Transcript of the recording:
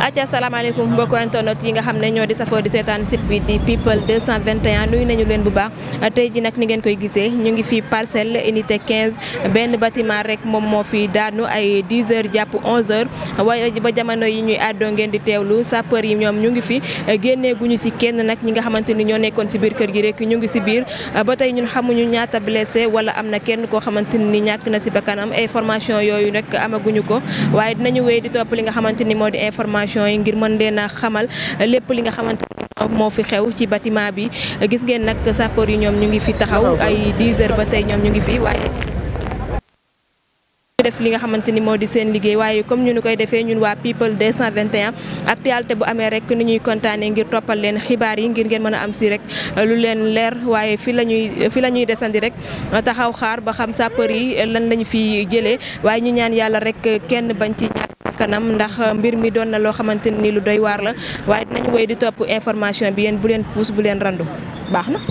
acca salaamaaleykum mbokki internet yi nga xam ne ñoo di safoo di seetaan site bi di people 221 nuyu nañu leen bu baax tey ji nag ni ngeen koy gisee ñu ngi fi parcelle unité benn bâtiment rek moom moo fi daanu ay 10 jàpp 11 ba jamono yi ñuy àddoo ngeen di teewlu sapeur yi ñoom ñu ngi fi génneeguñu guñu ci kenn nag ñi nga xamante ni ñoo nekkoon ci biir kër gi rek ñu ngi ci biir ba tey ñun xamuñu ñaata blessé wala am na kenn koo xamante ni ñàkk na ci bakkanam information yooyu nag amaguñu ko information yi ngir mën leen a xamal lépp li nga xamante moo fi xew ci bâtiment bi gis ngeen nag sapeur yi ñoom ñu ngi fi taxaw ay 10 ba tey ñoom ñu ngi fi waaye def li nga xamante ni moo di seen liggéey waaye comme ñu ni koy defee ñun waa people 221 actualité bu amee rek ni ñuy kontaane ngir toppal leen xibaar yi ngir ngeen mën a am si rek lu leen leer waaye fi la ñuy fi la ñuy desandi rek taxaw xaar ba xam sapeur yi lan lañu fi jëlee waaye ñu ñaan yàlla rek kenn bañ ci ñàkk bakkanam ndax mbir mi doon na loo xamante ni lu doy waar la waaye dinañu wéy di topp information bi yéen bu leen puus bu leen randu baax na